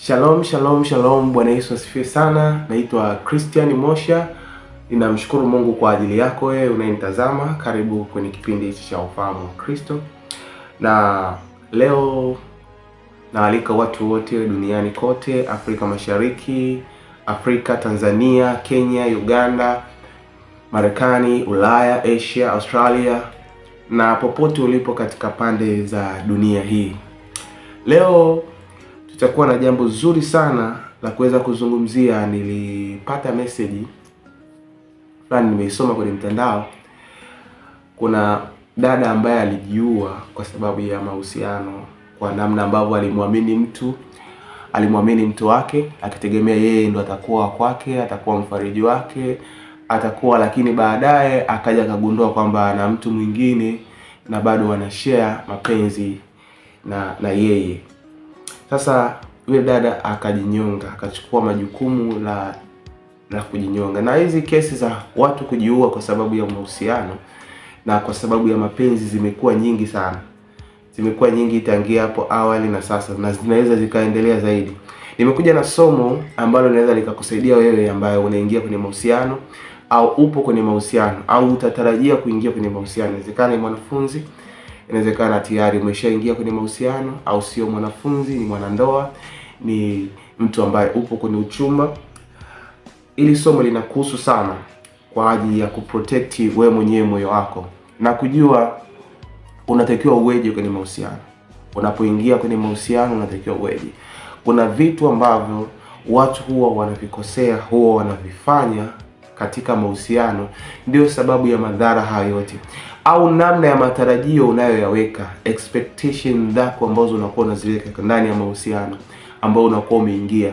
Shalom, shalom, shalom. Bwana Yesu asifiwe sana. Naitwa Christian Mosha. Ninamshukuru Mungu kwa ajili yako wewe unayenitazama. Karibu kwenye kipindi hichi cha Ufahamu wa Kristo, na leo naalika watu wote duniani kote, Afrika Mashariki, Afrika, Tanzania, Kenya, Uganda, Marekani, Ulaya, Asia, Australia na popote ulipo katika pande za dunia hii leo tutakuwa na jambo zuri sana la kuweza kuzungumzia. Nilipata message fulani nimeisoma kwenye mtandao, kuna dada ambaye alijiua kwa sababu ya mahusiano, kwa namna ambavyo alimwamini mtu alimwamini mtu wake akitegemea yeye ndo atakuwa kwake, atakuwa mfariji wake, atakuwa lakini baadaye akaja akagundua kwamba ana mtu mwingine na bado wanashare mapenzi na na yeye. Sasa yule dada akajinyonga, akachukua majukumu la la kujinyonga. Na hizi kesi za watu kujiua kwa sababu ya mahusiano na kwa sababu ya mapenzi zimekuwa nyingi sana, zimekuwa nyingi tangia hapo awali na sasa, na zinaweza zikaendelea zaidi. Nimekuja na somo ambalo linaweza likakusaidia wewe ambaye unaingia kwenye mahusiano au upo kwenye mahusiano au utatarajia kuingia kwenye mahusiano. Inawezekana ni mwanafunzi Inawezekana tayari umeshaingia kwenye mahusiano, au sio? Mwanafunzi, ni mwanandoa, ni mtu ambaye upo kwenye uchumba. Ili somo linakuhusu sana kwa ajili ya kuprotect wewe mwenyewe moyo wako na kujua unatakiwa uweje kwenye mahusiano. Unapoingia kwenye mahusiano, unatakiwa uweje. Kuna vitu ambavyo watu huwa wanavikosea, huwa wanavifanya katika mahusiano, ndio sababu ya madhara hayo yote au namna ya matarajio unayoyaweka expectation zako ambazo unakuwa unaziweka ndani ya mahusiano ambayo unakuwa umeingia,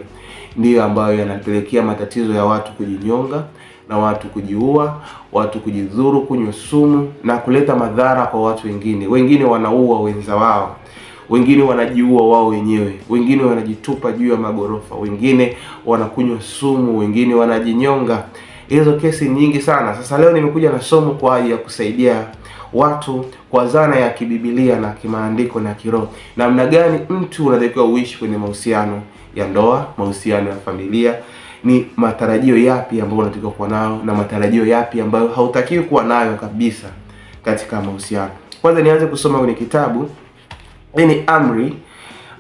ndiyo ambayo yanapelekea matatizo ya watu kujinyonga na watu kujiua, watu kujidhuru, kunywa sumu na kuleta madhara kwa watu wengine. Wengine wanaua wenza wao, wengine wanajiua wao wenyewe, wengine wanajitupa juu ya magorofa, wengine wanakunywa sumu, wengine wanajinyonga. Hizo kesi nyingi sana. Sasa leo nimekuja na somo kwa ajili ya kusaidia watu kwa zana ya kibibilia na kimaandiko na kiroho, namna gani mtu unatakiwa uishi kwenye mahusiano ya ndoa, mahusiano ya familia ni matarajio yapi ambayo unatakiwa kuwa nayo na matarajio yapi ambayo hautakiwi kuwa nayo kabisa katika mahusiano. Kwanza nianze kusoma kwenye kitabu. Hii ni amri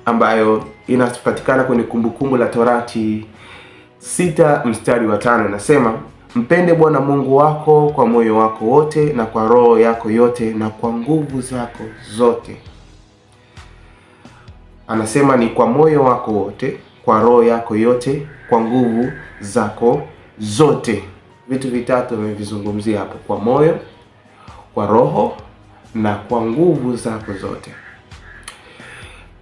ambayo inapatikana kwenye Kumbukumbu la Torati sita mstari wa tano, inasema Mpende Bwana Mungu wako kwa moyo wako wote na kwa roho yako yote na kwa nguvu zako zote. Anasema ni kwa moyo wako wote, kwa roho yako yote, kwa nguvu zako zote. Vitu vitatu nimevizungumzia hapo, kwa moyo, kwa roho na kwa nguvu zako zote.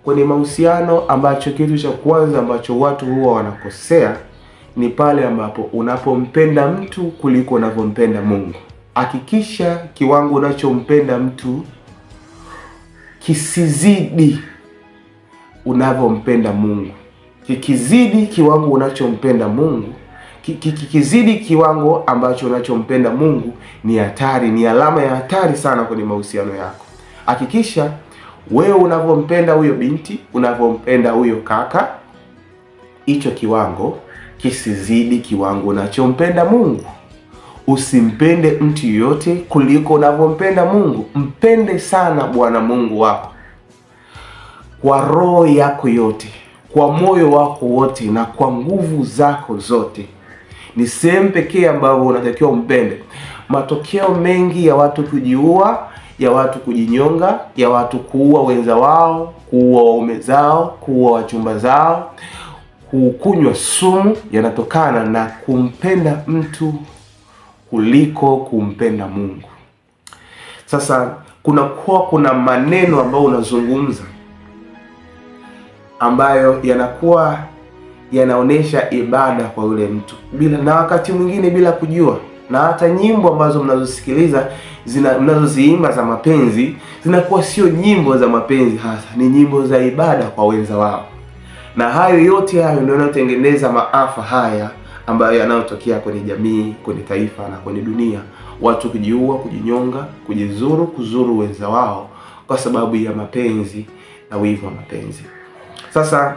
Kwenye mahusiano, ambacho kitu cha kwanza ambacho watu huwa wanakosea ni pale ambapo unapompenda mtu kuliko unavyompenda Mungu. Hakikisha kiwango unachompenda mtu kisizidi unavyompenda Mungu. Kikizidi kiwango unachompenda Mungu, kikizidi kiwango ambacho unachompenda Mungu, ni hatari, ni alama ya hatari sana kwenye mahusiano yako. Hakikisha wewe unavyompenda huyo binti, unavyompenda huyo kaka, hicho kiwango kisizidi kiwango unachompenda Mungu. Usimpende mtu yoyote kuliko unavyompenda Mungu. Mpende sana Bwana Mungu wako kwa roho yako yote, kwa moyo wako wote, na kwa nguvu zako zote. Ni sehemu pekee ambavyo unatakiwa umpende. Matokeo mengi ya watu kujiua, ya watu kujinyonga, ya watu kuua wenza wao, kuua waume zao, kuua wachumba zao kukunywa sumu yanatokana na kumpenda mtu kuliko kumpenda Mungu. Sasa kunakuwa kuna maneno ambayo unazungumza ambayo yanakuwa yanaonyesha ibada kwa yule mtu bila, na wakati mwingine bila kujua, na hata nyimbo ambazo mnazosikiliza zina mnazoziimba za mapenzi zinakuwa sio nyimbo za mapenzi hasa, ni nyimbo za ibada kwa wenza wao na hayo yote hayo ndio yanayotengeneza maafa haya ambayo yanayotokea kwenye jamii, kwenye taifa na kwenye dunia, watu kujiua, kujinyonga, kujizuru, kuzuru wenza wao kwa sababu ya mapenzi na wivu wa mapenzi. Sasa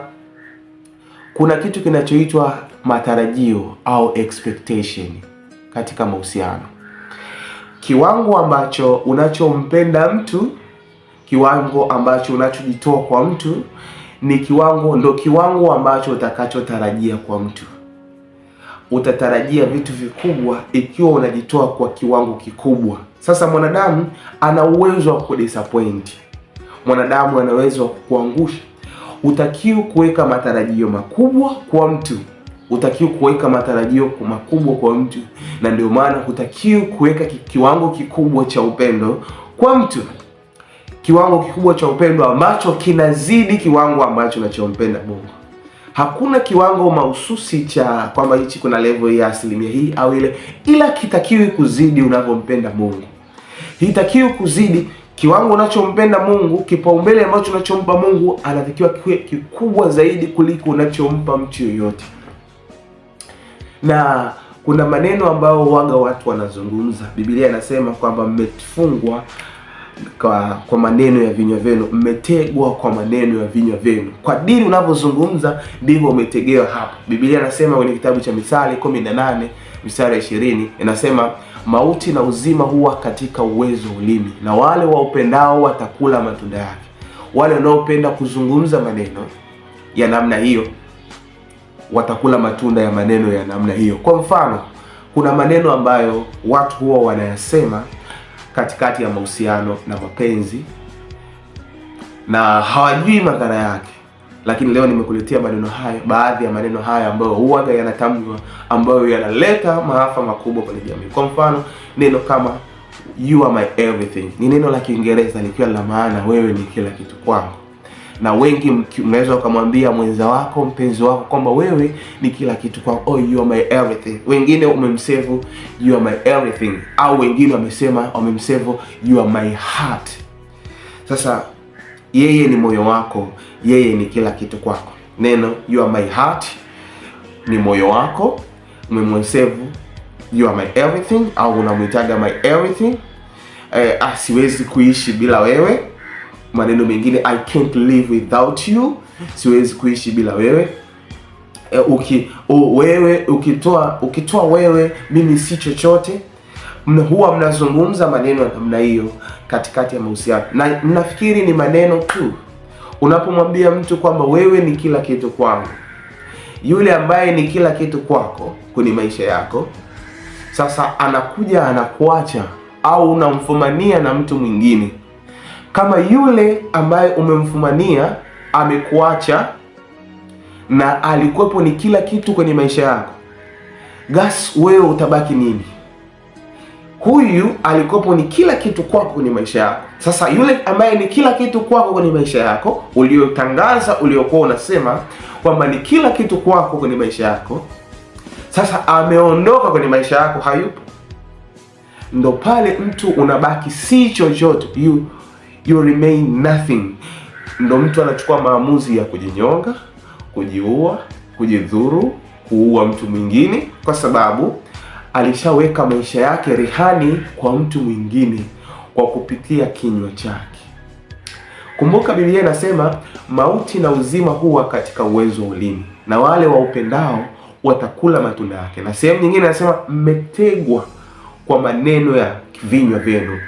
kuna kitu kinachoitwa matarajio au expectation katika mahusiano, kiwango ambacho unachompenda mtu, kiwango ambacho unachojitoa kwa mtu ni kiwango, ndo kiwango ambacho utakachotarajia kwa mtu. Utatarajia vitu vikubwa ikiwa unajitoa kwa kiwango kikubwa. Sasa mwanadamu ana uwezo wa kudisappoint, mwanadamu ana uwezo wa kukuangusha. Utakiwa kuweka matarajio makubwa kwa mtu hutakiwi kuweka matarajio makubwa kwa mtu, na ndio maana hutakiwi kuweka kiwango kikubwa cha upendo kwa mtu kiwango kikubwa cha upendo ambacho kinazidi kiwango ambacho unachompenda Mungu. Hakuna kiwango mahususi cha kwamba hichi kuna level ya asilimia hii au ile, ila kitakiwi kuzidi unavyompenda Mungu, hitakiwi kuzidi kiwango unachompenda Mungu. Kipaumbele ambacho unachompa Mungu anatakiwa kiwe kikubwa zaidi kuliko unachompa mtu yoyote. Na kuna maneno ambayo waga watu wanazungumza, Biblia inasema kwamba mmefungwa kwa kwa maneno ya vinywa vyenu, mmetegwa kwa maneno ya vinywa vyenu. Kwa dini unavyozungumza ndivyo umetegewa hapo. Biblia inasema kwenye kitabu cha Mithali 18 mstari wa 20 inasema mauti na uzima huwa katika uwezo ulimi, na wale waupendao watakula matunda yake. Wale wanaopenda kuzungumza maneno ya namna hiyo watakula matunda ya maneno ya namna hiyo. Kwa mfano, kuna maneno ambayo watu huwa wanayasema katikati ya mahusiano na mapenzi na hawajui madhara yake. Lakini leo nimekuletea maneno hayo baadhi ya maneno haya ambayo huwaga yanatamkwa, ambayo yanaleta maafa makubwa kwenye jamii. Kwa mfano, neno kama you are my everything ni neno la Kiingereza likiwa la maana wewe ni kila kitu kwangu na wengi mnaweza ukamwambia mwenza wako mpenzi wako kwamba wewe ni kila kitu kwa, oh you are my everything. Wengine umemsevu you are my everything, au wengine wamesema wamemsevu you are my heart. Sasa yeye ni moyo wako, yeye ni kila kitu kwako. Neno you are my heart ni moyo wako, umemsevu you are my everything, au unamwitaga my everything. Eh, asiwezi ah, kuishi bila wewe maneno mengine I can't live without you, siwezi kuishi bila wewe. E, uki, u, wewe ukitoa ukitoa wewe mimi si chochote. Mna, huwa mnazungumza maneno ya namna hiyo katikati ya mahusiano, na nafikiri ni maneno tu. Unapomwambia mtu kwamba wewe ni kila kitu kwangu, yule ambaye ni kila kitu kwako kwenye maisha yako, sasa anakuja anakuacha au unamfumania na mtu mwingine kama yule ambaye umemfumania amekuacha na alikuwepo ni kila kitu kwenye maisha yako, gas, wewe utabaki nini? Huyu alikuwepo ni kila kitu kwako kwenye maisha yako. Sasa yule ambaye ni kila kitu kwako kwenye maisha yako, uliotangaza, uliokuwa unasema kwamba ni kila kitu kwako kwenye maisha yako, sasa ameondoka kwenye maisha yako, hayupo. Ndo pale mtu unabaki si chochote you you remain nothing. Ndo mtu anachukua maamuzi ya kujinyonga, kujiua, kujidhuru, kuua mtu mwingine, kwa sababu alishaweka maisha yake rehani kwa mtu mwingine kwa kupitia kinywa chake. Kumbuka Biblia inasema mauti na uzima huwa katika uwezo wa ulimi, na wale waupendao watakula matunda yake, na sehemu nyingine anasema mmetegwa kwa maneno ya vinywa vyenu.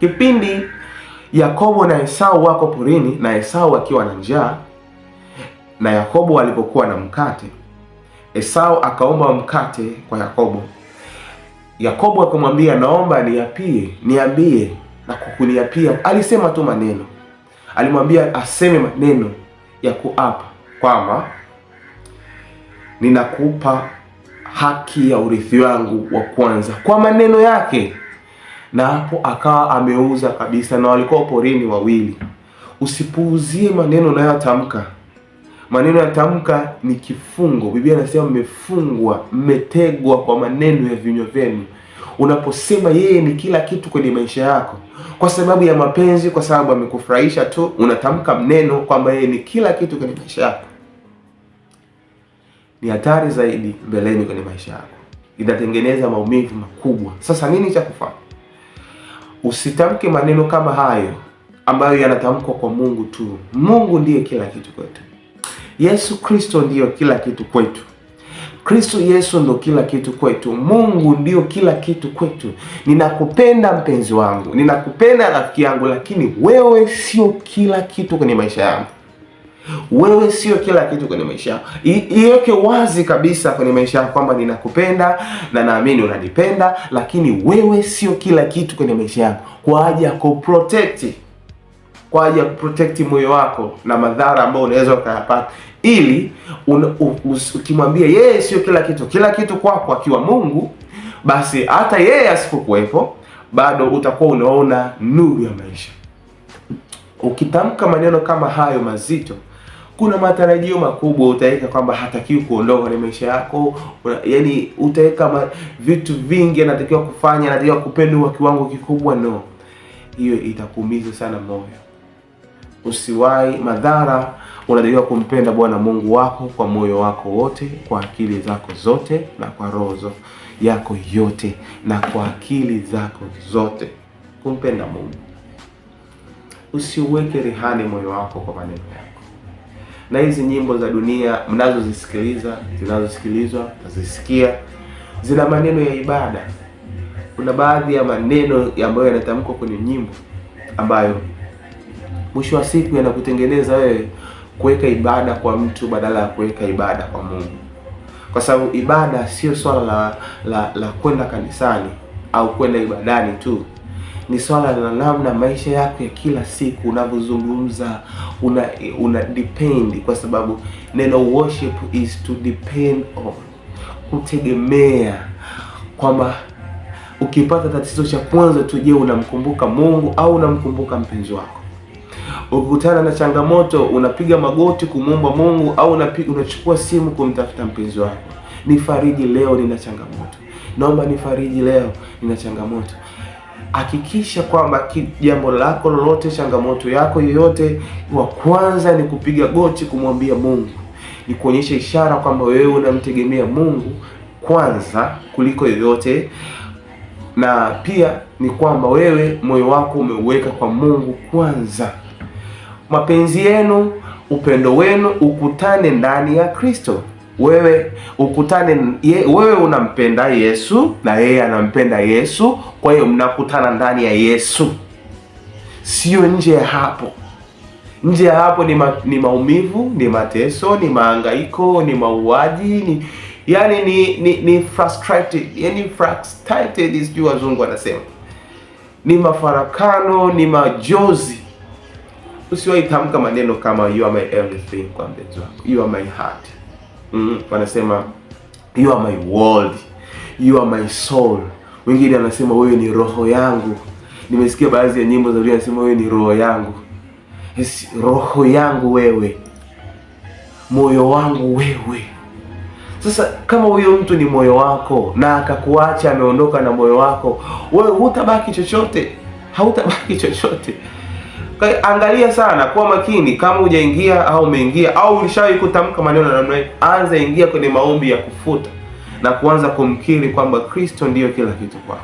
Kipindi Yakobo na Esau wako porini, na Esau akiwa na njaa, na Yakobo alipokuwa na mkate, Esau akaomba mkate kwa Yakobo. Yakobo akamwambia, naomba niapie, niambie na kukuniapia. Alisema tu maneno, alimwambia aseme maneno ya kuapa kwamba ninakupa haki ya urithi wangu wa kwanza, kwa maneno yake na hapo akawa ameuza kabisa, na walikuwa porini wawili. Usipuuzie maneno unayotamka. Maneno yatamka ni kifungo. Biblia anasema mmefungwa, mmetegwa kwa maneno ya vinywa vyenu. Unaposema yeye ni kila kitu kwenye maisha yako, kwa sababu ya mapenzi, kwa sababu amekufurahisha tu, unatamka mneno kwamba yeye ni kila kitu kwenye maisha yako. Ni hatari zaidi mbeleni kwenye maisha yako, inatengeneza maumivu makubwa. Sasa nini cha kufanya? Usitamke maneno kama hayo ambayo yanatamkwa kwa Mungu tu. Mungu ndiye kila kitu kwetu. Yesu Kristo ndiyo kila kitu kwetu. Kristo Yesu ndo kila kitu kwetu. Mungu ndio kila kitu kwetu. Ninakupenda mpenzi wangu, ninakupenda rafiki yangu, lakini wewe sio kila kitu kwenye maisha yangu. Wewe sio kila kitu kwenye maisha yako. Iweke wazi kabisa kwenye maisha yako kwamba ninakupenda na naamini unanipenda, lakini wewe sio kila kitu kwenye maisha yako, kwa ajili ya kuprotect, kwa ajili ya kuprotect moyo wako na madhara ambayo unaweza ukayapata, ili ukimwambia yeye sio kila kitu, kila kitu kwako kwa akiwa Mungu, basi hata yeye asipokuwepo bado utakuwa unaona nuru ya maisha. Ukitamka maneno kama hayo mazito kuna matarajio makubwa utaweka kwamba hatakiwi kuondoka kwenye maisha yako una, yani utaweka ma, vitu vingi anatakiwa kufanya, anatakiwa kupendwa kwa kiwango kikubwa. No, hiyo itakuumiza sana moyo. usiwai madhara. Unatakiwa kumpenda Bwana Mungu wako kwa moyo wako wote, kwa akili zako zote, na kwa roho yako yote, na kwa akili zako zote, kumpenda Mungu. Usiweke rehani moyo wako kwa maneno yako na hizi nyimbo za dunia mnazozisikiliza, zinazosikilizwa, nazisikia zina maneno ya ibada. Kuna baadhi ya maneno ambayo yanatamkwa kwenye nyimbo ambayo mwisho wa siku yanakutengeneza wewe kuweka ibada kwa mtu badala ya kuweka ibada kwa Mungu, kwa sababu ibada sio swala la la, la kwenda kanisani au kwenda ibadani tu ni swala la namna maisha yako ya kila siku unavyozungumza, una, una depend, kwa sababu neno worship is to depend on, kutegemea kwamba ukipata tatizo cha kwanza tu, je, unamkumbuka Mungu au unamkumbuka mpenzi wako? Ukikutana na changamoto unapiga magoti kumwomba Mungu au unapiga, unachukua simu kumtafuta mpenzi wako? Nifariji leo nina changamoto, naomba nifariji leo nina changamoto hakikisha kwamba jambo lako lolote, changamoto yako yoyote, wa kwanza ni kupiga goti kumwambia Mungu, ni kuonyesha ishara kwamba wewe unamtegemea Mungu kwanza kuliko yoyote, na pia ni kwamba wewe moyo wako umeuweka kwa Mungu kwanza. Mapenzi yenu, upendo wenu ukutane ndani ya Kristo wewe ukutane ye, wewe unampenda Yesu na yeye anampenda Yesu, kwa hiyo mnakutana ndani ya Yesu, sio nje ya hapo. Nje ya hapo ni, ma, ni maumivu, ni mateso, ni maangaiko, ni mauaji, ni yani ni ni, ni frustrated, yani frustrated, sijui wazungu anasema ni mafarakano, ni majozi. Usiwahi tamka maneno kama you are my everything kwa mpenzi wako, you are my heart mm, wanasema you are my world, you are my soul. Wengine anasema wewe ni roho yangu. Nimesikia baadhi ya nyimbo za Biblia anasema wewe ni roho yangu. Yes, roho yangu wewe, moyo wangu wewe. Sasa kama huyo mtu ni moyo wako na akakuacha ameondoka na moyo wako, wewe hutabaki chochote, hautabaki chochote. Angalia sana, kuwa makini. Kama hujaingia au umeingia au ulishawahi kutamka maneno na namna hiyo, anza ingia kwenye maombi ya kufuta na kuanza kumkiri kwamba Kristo ndiyo kila kitu kwako,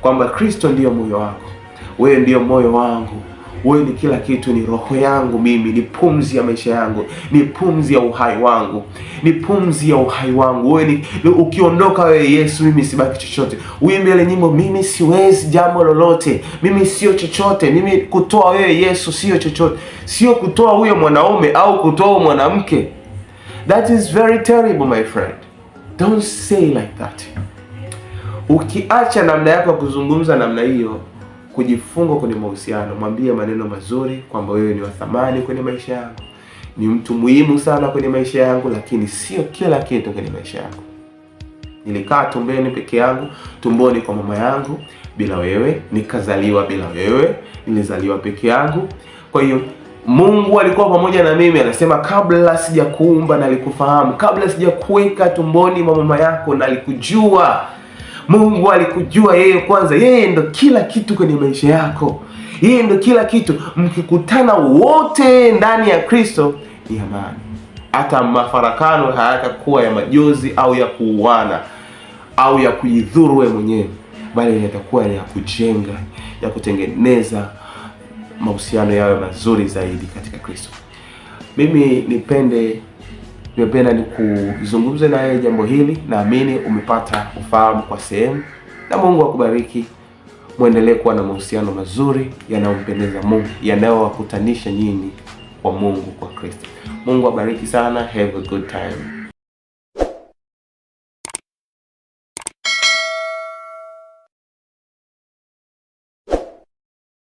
kwamba Kristo ndiyo moyo wako, wewe ndiyo moyo wangu wewe ni kila kitu, ni roho yangu mimi, ni pumzi ya maisha yangu, ni pumzi ya uhai wangu, ni pumzi ya uhai wangu. Wewe ni ukiondoka wewe Yesu, mimi sibaki chochote. Uimbe ile nyimbo, mimi siwezi jambo lolote, mimi sio chochote, mimi kutoa wewe Yesu sio chochote, sio kutoa huyo mwanaume au kutoa mwanamke. That is very terrible my friend, don't say like that. Ukiacha namna yako ya kuzungumza namna hiyo kujifunga kwenye mahusiano, mwambie maneno mazuri kwamba wewe ni wa thamani kwenye maisha yangu, ni mtu muhimu sana kwenye maisha yangu, lakini sio kila kitu kwenye maisha yangu. Nilikaa tumbeni peke yangu, tumboni kwa mama yangu bila wewe, nikazaliwa bila wewe, nilizaliwa peke yangu. Kwa hiyo Mungu alikuwa pamoja na mimi, anasema kabla sijakuumba nalikufahamu, kabla sijakuweka tumboni mwa mama yako nalikujua. Mungu alikujua yeye kwanza. Yeye ndo kila kitu kwenye maisha yako, yeye ndo kila kitu. Mkikutana wote ndani ya Kristo ni amani, hata mafarakano hayatakuwa ya majozi au ya kuuana au ya kujidhuru wewe mwenyewe, bali yatakuwa ya kujenga, ya kutengeneza mahusiano yawe mazuri zaidi katika Kristo. Mimi nipende nimependa ni kuzungumza naye jambo hili. Naamini umepata ufahamu kwa sehemu, na Mungu akubariki. Mwendelee kuwa na mahusiano mazuri yanayompendeza Mungu, yanayowakutanisha nyinyi kwa Mungu kwa Kristo. Mungu abariki sana. Have a good time.